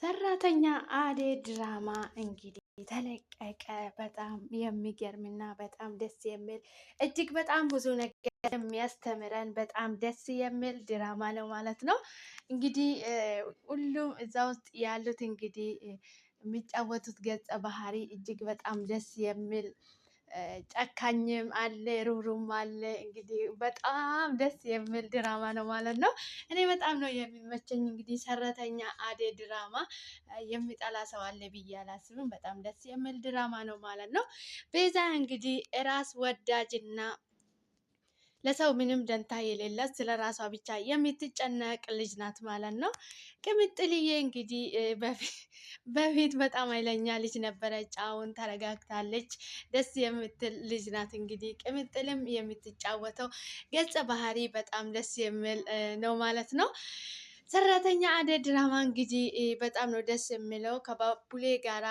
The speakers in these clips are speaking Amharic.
ሰራተኛ አደይ ድራማ እንግዲህ ተለቀቀ። በጣም የሚገርም እና በጣም ደስ የሚል እጅግ በጣም ብዙ ነገር የሚያስተምረን በጣም ደስ የሚል ድራማ ነው ማለት ነው። እንግዲህ ሁሉም እዛ ውስጥ ያሉት እንግዲህ የሚጫወቱት ገጸ ባህሪ እጅግ በጣም ደስ የሚል ጨካኝም አለ ሩሩም አለ። እንግዲህ በጣም ደስ የሚል ድራማ ነው ማለት ነው። እኔ በጣም ነው የሚመቸኝ። እንግዲህ ሰራተኛ አዴ ድራማ የሚጠላ ሰው አለ ብዬ አላስብም። በጣም ደስ የሚል ድራማ ነው ማለት ነው። ቤዛ እንግዲህ ራስ ወዳጅና ለሰው ምንም ደንታ የሌላት ስለ ራሷ ብቻ የምትጨነቅ ልጅ ናት ማለት ነው። ቅምጥልዬ እንግዲህ በፊት በጣም ኃይለኛ ልጅ ነበረች። አሁን ተረጋግታለች። ደስ የምትል ልጅ ናት። እንግዲህ ቅምጥልም የምትጫወተው ገጸ ባህሪ በጣም ደስ የሚል ነው ማለት ነው። ሰራተኛ አደይ ድራማ እንግዲህ በጣም ነው ደስ የሚለው። ከባቡሌ ጋራ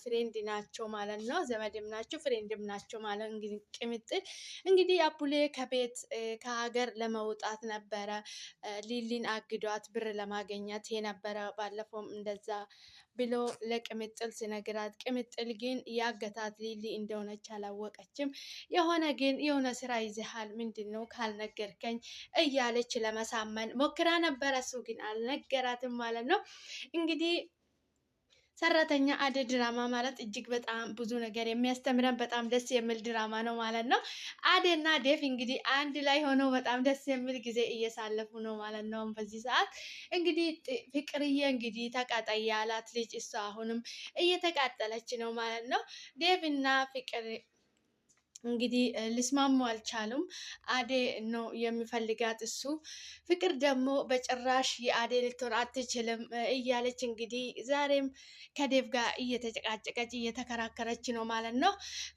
ፍሬንድ ናቸው ማለት ነው። ዘመድም ናቸው ፍሬንድም ናቸው ማለት እንግዲህ ቅምጥል እንግዲህ አቡሌ ከቤት ከሀገር ለመውጣት ነበረ ሊሊን አግዷት ብር ለማገኘት የነበረ ባለፈውም እንደዛ ብሎ ለቅምጥል ስነግራት ቅምጥል ግን ያገታት ሊሊ እንደሆነች አላወቀችም። የሆነ ግን የሆነ ስራ ይዝሃል ምንድን ነው ካልነገርከኝ እያለች ለመሳመን ሞክራ ነበረ። እሱ ግን አልነገራትም ማለት ነው እንግዲህ ሰራተኛ አደይ ድራማ ማለት እጅግ በጣም ብዙ ነገር የሚያስተምረን በጣም ደስ የሚል ድራማ ነው ማለት ነው። እና ዴፍ እንግዲህ አንድ ላይ ሆነው በጣም ደስ የሚል ጊዜ እየሳለፉ ነው ማለት ነው። በዚህ ሰዓት እንግዲህ ፍቅርዬ እንግዲህ ተቃጣይ ያላት ልጅ እሷ አሁንም እየተቃጠለች ነው ማለት ነው። ዴቭ እና ፍቅር እንግዲህ ልስማሙ አልቻሉም። አዴ ነው የሚፈልጋት እሱ። ፍቅር ደግሞ በጭራሽ የአዴ ልትሆን አትችልም እያለች እንግዲህ ዛሬም ከዴቭ ጋር እየተጨቃጨቀች እየተከራከረች ነው ማለት ነው።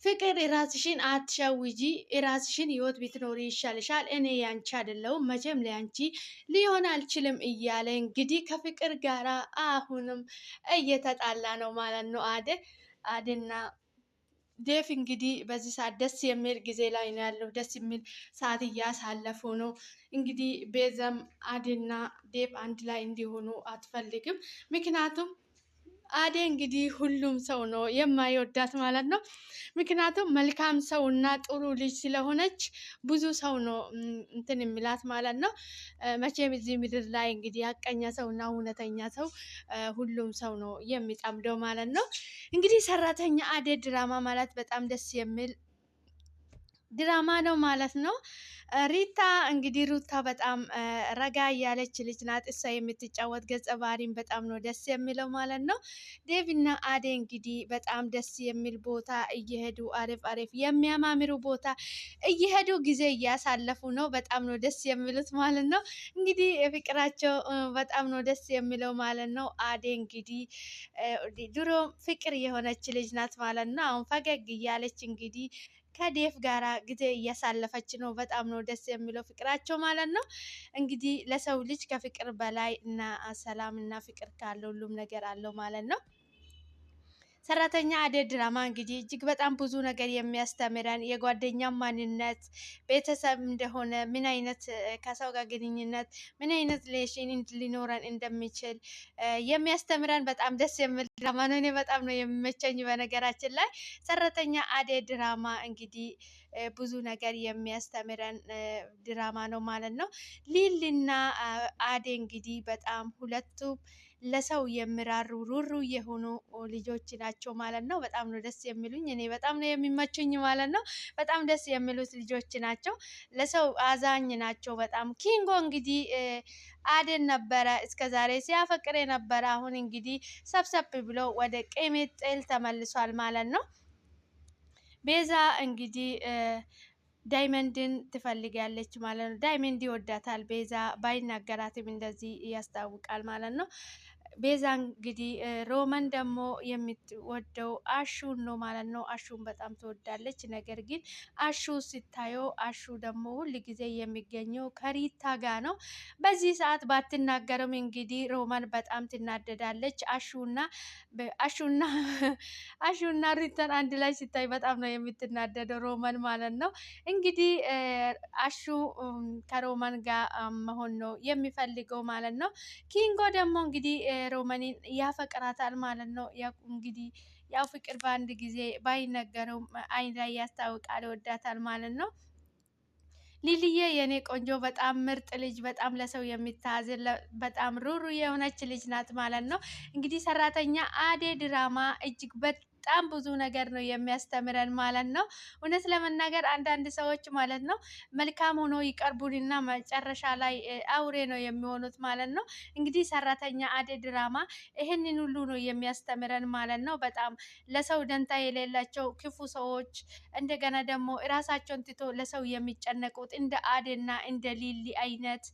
ፍቅር የራስሽን አትሸውጂ፣ የራስሽን ህይወት ብትኖሪ ይሻልሻል። እኔ ያንቺ አይደለሁም፣ መቼም ለያንቺ ሊሆን አልችልም እያለ እንግዲህ ከፍቅር ጋራ አሁንም እየተጣላ ነው ማለት ነው አዴ አዴና ዴፍ እንግዲህ በዚህ ሰዓት ደስ የሚል ጊዜ ላይ ነው ያለው። ደስ የሚል ሰዓት እያሳለፉ ነው። እንግዲህ ቤዛም አድና ዴፍ አንድ ላይ እንዲሆኑ አትፈልግም። ምክንያቱም አዴ እንግዲህ ሁሉም ሰው ነው የማይወዳት ማለት ነው። ምክንያቱም መልካም ሰው እና ጥሩ ልጅ ስለሆነች ብዙ ሰው ነው እንትን የሚላት ማለት ነው። መቼም እዚህ ምድር ላይ እንግዲህ ሀቀኛ ሰው እና እውነተኛ ሰው ሁሉም ሰው ነው የሚጣምደው ማለት ነው። እንግዲህ ሰራተኛ አዴ ድራማ ማለት በጣም ደስ የሚል ድራማ ነው ማለት ነው። ሪታ እንግዲህ ሩታ በጣም ረጋ እያለች ልጅ ናት። እሷ የምትጫወት ገጸ ባህሪን በጣም ነው ደስ የሚለው ማለት ነው። ዴቪና አዴ እንግዲህ በጣም ደስ የሚል ቦታ እየሄዱ አሪፍ አሪፍ የሚያማምሩ ቦታ እየሄዱ ጊዜ እያሳለፉ ነው። በጣም ነው ደስ የሚሉት ማለት ነው። እንግዲህ ፍቅራቸው በጣም ነው ደስ የሚለው ማለት ነው። አዴ እንግዲህ ድሮ ፍቅር የሆነች ልጅ ናት ማለት ነው። አሁን ፈገግ እያለች እንግዲህ ከዴፍ ጋራ ጊዜ እያሳለፈች ነው። በጣም ነው ደስ የሚለው ፍቅራቸው ማለት ነው። እንግዲህ ለሰው ልጅ ከፍቅር በላይ እና ሰላም እና ፍቅር ካለ ሁሉም ነገር አለው ማለት ነው። ሰራተኛ አደይ ድራማ እንግዲህ እጅግ በጣም ብዙ ነገር የሚያስተምረን የጓደኛ ማንነት፣ ቤተሰብ እንደሆነ፣ ምን አይነት ከሰው ጋር ግንኙነት፣ ምን አይነት ሌሽን ሊኖረን እንደሚችል የሚያስተምረን በጣም ደስ የሚል ድራማ ነው። እኔ በጣም ነው የሚመቸኝ። በነገራችን ላይ ሰራተኛ አደይ ድራማ እንግዲህ ብዙ ነገር የሚያስተምረን ድራማ ነው ማለት ነው። ሊልና አደይ እንግዲህ በጣም ሁለቱም ለሰው የሚራሩ ሩሩ የሆኑ ልጆች ናቸው ማለት ነው። በጣም ነው ደስ የሚሉኝ። እኔ በጣም ነው የሚመቹኝ ማለት ነው። በጣም ደስ የሚሉት ልጆች ናቸው። ለሰው አዛኝ ናቸው በጣም። ኪንጎ እንግዲህ አደን ነበረ እስከ ዛሬ ሲያፈቅር ነበረ። አሁን እንግዲህ ሰብሰብ ብሎ ወደ ቅምጥል ተመልሷል ማለት ነው። ቤዛ እንግዲህ ዳይመንድን ትፈልጋለች ማለት ነው። ዳይመንድ ይወዳታል ቤዛ ባይናገራትም እንደዚህ ያስታውቃል ማለት ነው። ቤዛ እንግዲህ ሮመን ደግሞ የምትወደው አሹን ነው ማለት ነው። አሹን በጣም ትወዳለች። ነገር ግን አሹ ስታየው አሹ ደግሞ ሁል ጊዜ የሚገኘው ከሪታ ጋ ነው። በዚህ ሰዓት ባትናገርም እንግዲህ ሮመን በጣም ትናደዳለች። አሹና አሹና አሹና ሪታን አንድ ላይ ስታይ በጣም ነው የምትናደደው ሮመን ማለት ነው። እንግዲህ አሹ ከሮመን ጋር መሆን ነው የሚፈልገው ማለት ነው። ኪንጎ ደግሞ እንግዲህ ሮማንን ያፈቅራታል ማለት ነው። እንግዲህ ያው ፍቅር በአንድ ጊዜ ባይነገረውም አይን ላይ ያስታውቃል፣ ይወዳታል ማለት ነው። ሊልየ የኔ ቆንጆ በጣም ምርጥ ልጅ በጣም ለሰው የሚታዝን በጣም ሩሩ የሆነች ልጅ ናት ማለት ነው። እንግዲህ ሰራተኛ አዴ ድራማ እጅግ በጣም በጣም ብዙ ነገር ነው የሚያስተምረን ማለት ነው። እውነት ለመናገር አንዳንድ ሰዎች ማለት ነው መልካም ሆኖ ይቀርቡንና መጨረሻ ላይ አውሬ ነው የሚሆኑት ማለት ነው። እንግዲህ ሰራተኛ አደይ ድራማ ይህንን ሁሉ ነው የሚያስተምረን ማለት ነው። በጣም ለሰው ደንታ የሌላቸው ክፉ ሰዎች እንደገና ደግሞ እራሳቸውን ትቶ ለሰው የሚጨነቁት እንደ አደይና እንደ ሊሊ አይነት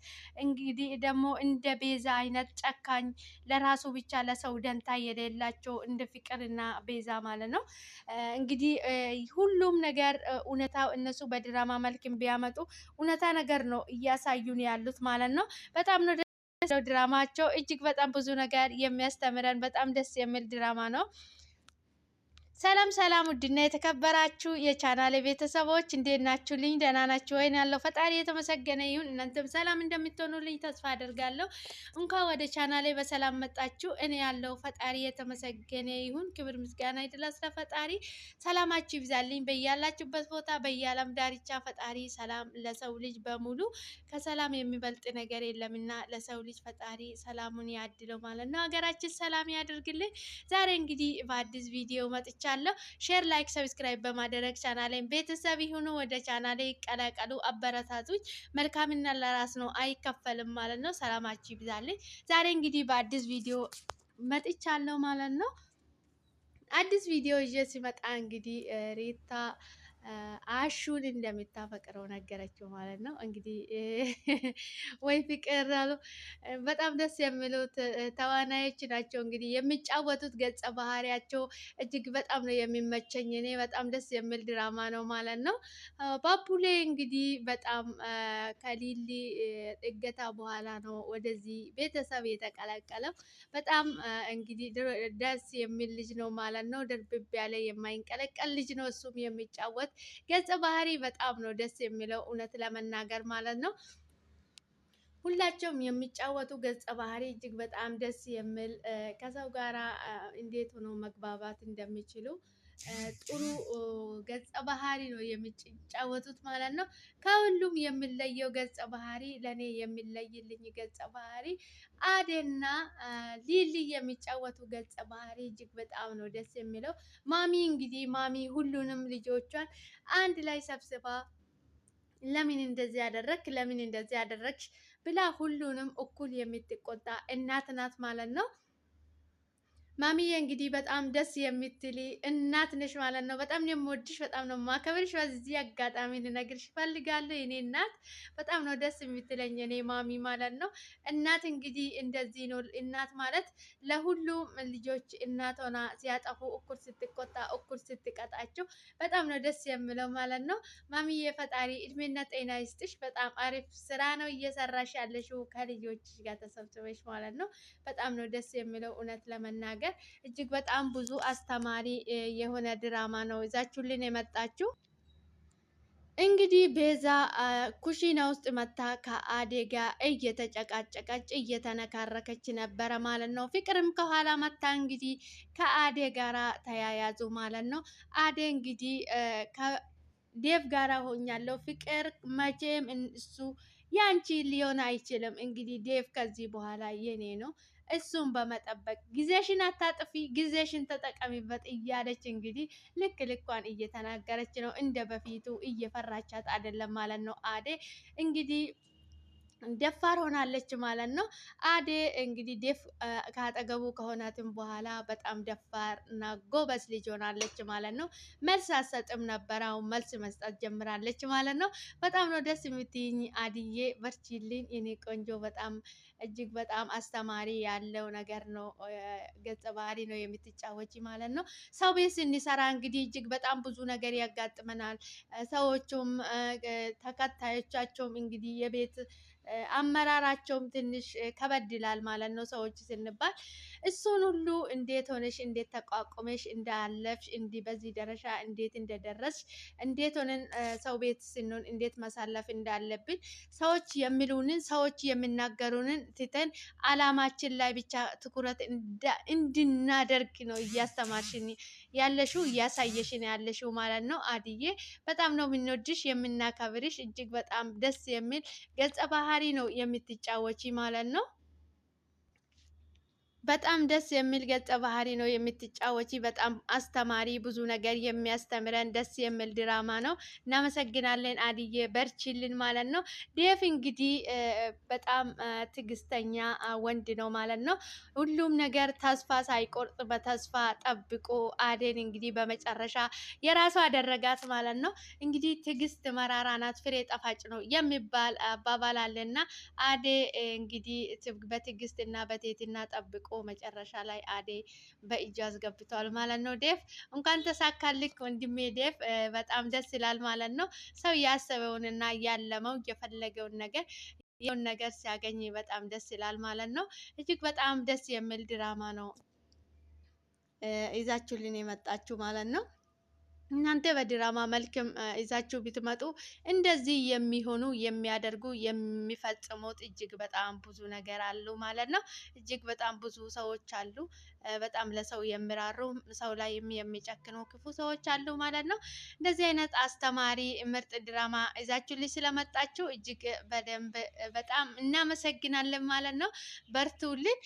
እንግዲህ ደግሞ እንደ ቤዛ አይነት ጨካኝ ለራሱ ብቻ ለሰው ደንታ የሌላቸው እንደ ፍቅርና ቤዛ ማለት ነው። እንግዲህ ሁሉም ነገር እውነታው እነሱ በድራማ መልክም ቢያመጡ እውነታ ነገር ነው እያሳዩን ያሉት ማለት ነው። በጣም ነው ድራማቸው እጅግ በጣም ብዙ ነገር የሚያስተምረን በጣም ደስ የሚል ድራማ ነው። ሰላም ሰላም፣ ውድና የተከበራችሁ የቻናሌ ቤተሰቦች እንዴት ናችሁ? ልኝ ደህና ናችሁ ወይን? ያለው ፈጣሪ የተመሰገነ ይሁን። እናንተም ሰላም እንደምትሆኑልኝ ተስፋ አደርጋለሁ። እንኳን ወደ ቻናሌ በሰላም መጣችሁ። እኔ ያለው ፈጣሪ የተመሰገነ ይሁን። ክብር ምስጋና ይድረስ ለፈጣሪ። ሰላማችሁ ይብዛልኝ በያላችሁበት ቦታ በየዓለም ዳርቻ ፈጣሪ ሰላም ለሰው ልጅ በሙሉ ከሰላም የሚበልጥ ነገር የለምና ለሰው ልጅ ፈጣሪ ሰላሙን ያድለው ማለት ነው። ሀገራችን ሰላም ያደርግልን። ዛሬ እንግዲህ በአዲስ ቪዲዮ መጥቻ አለው። ሼር፣ ላይክ፣ ሰብስክራይብ በማድረግ ቻናሌን ቤተሰብ ይሁኑ። ወደ ቻናሌ ይቀላቀሉ፣ አበረታቱኝ። መልካምና ለራስ ነው አይከፈልም ማለት ነው። ሰላማችሁ ይብዛልኝ። ዛሬ እንግዲህ በአዲስ ቪዲዮ መጥቻለሁ ማለት ነው። አዲስ ቪዲዮ ይዤ ሲመጣ እንግዲህ ሬታ አሹን እንደምታፈቅረው ነገረችው ማለት ነው። እንግዲህ ወይ ፍቅር አሉ። በጣም ደስ የሚሉት ተዋናዮች ናቸው። እንግዲህ የሚጫወቱት ገጸ ባህሪያቸው እጅግ በጣም ነው የሚመቸኝ። እኔ በጣም ደስ የሚል ድራማ ነው ማለት ነው። ባቡሌ እንግዲህ በጣም ከሊሊ እገታ በኋላ ነው ወደዚህ ቤተሰብ የተቀላቀለው። በጣም እንግዲህ ደስ የሚል ልጅ ነው ማለት ነው። ድርብብ ያለ የማይንቀለቀል ልጅ ነው። እሱም የሚጫወት ገጸ ባህሪ በጣም ነው ደስ የሚለው እውነት ለመናገር ማለት ነው። ሁላቸውም የሚጫወቱ ገጸ ባህሪ እጅግ በጣም ደስ የሚል ከሰው ጋራ እንዴት ሆኖ መግባባት እንደሚችሉ ጥሩ ገጸ ባህሪ ነው የሚጫወቱት ማለት ነው። ከሁሉም የሚለየው ገጸ ባህሪ ለእኔ የሚለይልኝ ገጸ ባህሪ አዴና ሊሊ የሚጫወቱ ገጸ ባህሪ እጅግ በጣም ነው ደስ የሚለው። ማሚ እንግዲህ ማሚ ሁሉንም ልጆቿን አንድ ላይ ሰብስባ ለምን እንደዚህ ያደረግክ ለምን እንደዚህ ያደረግሽ ብላ ሁሉንም እኩል የምትቆጣ እናት ናት ማለት ነው። ማሚዬ እንግዲህ በጣም ደስ የምትል እናት ነሽ ማለት ነው። በጣም ነው የምወድሽ፣ በጣም ነው የማከብርሽ። በዚህ አጋጣሚ ልነግርሽ እፈልጋለሁ የኔ እናት በጣም ነው ደስ የምትለኝ እኔ ማሚ ማለት ነው። እናት እንግዲህ እንደዚህ ነው። እናት ማለት ለሁሉም ልጆች እናት ሆና ሲያጠፉ እኩል ስትቆጣ፣ እኩል ስትቀጣቸው በጣም ነው ደስ የምለው ማለት ነው። ማሚዬ ፈጣሪ እድሜና ጤና ይስጥሽ። በጣም አሪፍ ስራ ነው እየሰራሽ ያለሽው ከልጆች ጋር ተሰብስበሽ ማለት ነው። በጣም ነው ደስ የምለው እውነት ለመናገር ነገር እጅግ በጣም ብዙ አስተማሪ የሆነ ድራማ ነው ይዛችሁልን የመጣችሁ። እንግዲህ ቤዛ ኩሽና ውስጥ መታ ከአዴ ጋር እየተጨቃጨቀች እየተነካረከች ነበረ ማለት ነው። ፍቅርም ከኋላ መታ እንግዲህ ከአዴ ጋራ ተያያዙ ማለት ነው። አዴ እንግዲህ ከዴቭ ጋራ ሆኛለሁ ፍቅር መቼም እሱ ያንቺ ሊሆን አይችልም። እንግዲህ ዴቭ ከዚህ በኋላ የኔ ነው እሱን በመጠበቅ ጊዜሽን አታጥፊ፣ ጊዜሽን ተጠቀሚበት እያለች እንግዲህ ልክ ልኳን እየተናገረች ነው። እንደ በፊቱ እየፈራቻት አይደለም ማለት ነው አዴ እንግዲህ ደፋር ሆናለች ማለት ነው። አዴ እንግዲህ ዴፍ ካጠገቡ ከሆናትም በኋላ በጣም ደፋር እና ጎበዝ ልጅ ሆናለች ማለት ነው። መልስ አሰጥም ነበር፣ አሁን መልስ መስጠት ጀምራለች ማለት ነው። በጣም ነው ደስ የምትይኝ አድዬ፣ በርቺልኝ የኔ ቆንጆ። በጣም እጅግ በጣም አስተማሪ ያለው ነገር ነው፣ ገጸ ባህሪ ነው የምትጫወች ማለት ነው። ሰው ቤት ስንሰራ እንግዲህ እጅግ በጣም ብዙ ነገር ያጋጥመናል። ሰዎቹም ተከታዮቻቸውም እንግዲህ የቤት አመራራቸውም ትንሽ ከበድ ይላል ማለት ነው። ሰዎች ስንባል እሱን ሁሉ እንዴት ሆነሽ እንዴት ተቋቁመሽ እንዳለፍሽ እንዲህ በዚህ ደረሻ እንዴት እንደደረስሽ እንዴት ሆነን ሰው ቤት ስንሆን እንዴት ማሳለፍ እንዳለብን ሰዎች የሚሉንን ሰዎች የሚናገሩንን ትተን አላማችን ላይ ብቻ ትኩረት እንድናደርግ ነው እያስተማርሽን ያለሽው እያሳየሽ ነው ያለሽው ማለት ነው። አድዬ በጣም ነው የምንወድሽ የምናከብርሽ። እጅግ በጣም ደስ የሚል ገጸ ባህሪ ነው የምትጫወቺ ማለት ነው። በጣም ደስ የሚል ገጸ ባህሪ ነው የምትጫወቺ። በጣም አስተማሪ ብዙ ነገር የሚያስተምረን ደስ የሚል ድራማ ነው። እናመሰግናለን አድዬ፣ በርችልን ማለት ነው። ዴፍ እንግዲህ በጣም ትግስተኛ ወንድ ነው ማለት ነው። ሁሉም ነገር ተስፋ ሳይቆርጥ በተስፋ ጠብቆ አዴን እንግዲህ በመጨረሻ የራሱ አደረጋት ማለት ነው። እንግዲህ ትግስት መራራ ናት፣ ፍሬ ጣፋጭ ነው የሚባል አባባል አለና አዴ እንግዲህ እና በትህትና ጠብቆ መጨረሻ ላይ አዴ በእጁ አስገብተዋል ማለት ነው። ዴፍ እንኳን ተሳካልክ ወንድሜ ዴፍ፣ በጣም ደስ ይላል ማለት ነው። ሰው ያሰበውንና ያለመው የፈለገውን ነገር የውን ነገር ሲያገኝ በጣም ደስ ይላል ማለት ነው። እጅግ በጣም ደስ የሚል ድራማ ነው ይዛችሁልን የመጣችሁ ማለት ነው። እናንተ በድራማ መልክም ይዛችሁ ብትመጡ እንደዚህ የሚሆኑ የሚያደርጉ የሚፈጽሙት እጅግ በጣም ብዙ ነገር አሉ ማለት ነው። እጅግ በጣም ብዙ ሰዎች አሉ። በጣም ለሰው የሚራሩ ሰው ላይ የሚጨክኑ ክፉ ሰዎች አሉ ማለት ነው። እንደዚህ አይነት አስተማሪ ምርጥ ድራማ ይዛችሁልኝ ስለመጣችሁ እጅግ በደንብ በጣም እናመሰግናለን ማለት ነው። በርቱልን።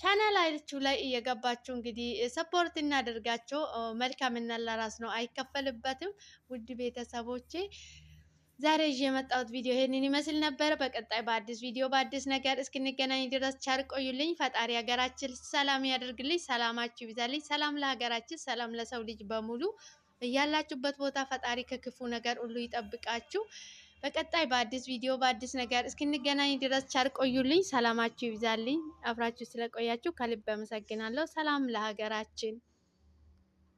ቻናላችሁ ላይ እየገባችሁ እንግዲህ ሰፖርት እናደርጋቸው። መልካምና ለራስ ነው፣ አይከፈልበትም። ውድ ቤተሰቦቼ ዛሬ ይዤ የመጣሁት ቪዲዮ ይህንን ይመስል ነበር። በቀጣይ በአዲስ ቪዲዮ በአዲስ ነገር እስክንገናኝ ድረስ ቸር ቆዩልኝ። ፈጣሪ ሀገራችን ሰላም ያደርግልኝ፣ ሰላማችሁ ይብዛልኝ። ሰላም ለሀገራችን፣ ሰላም ለሰው ልጅ በሙሉ እያላችሁበት ቦታ ፈጣሪ ከክፉ ነገር ሁሉ ይጠብቃችሁ። በቀጣይ በአዲስ ቪዲዮ በአዲስ ነገር እስክንገናኝ ድረስ ቻር ቆዩልኝ። ሰላማችሁ ይብዛልኝ። አብራችሁ ስለቆያችሁ ከልብ አመሰግናለሁ። ሰላም ለሀገራችን።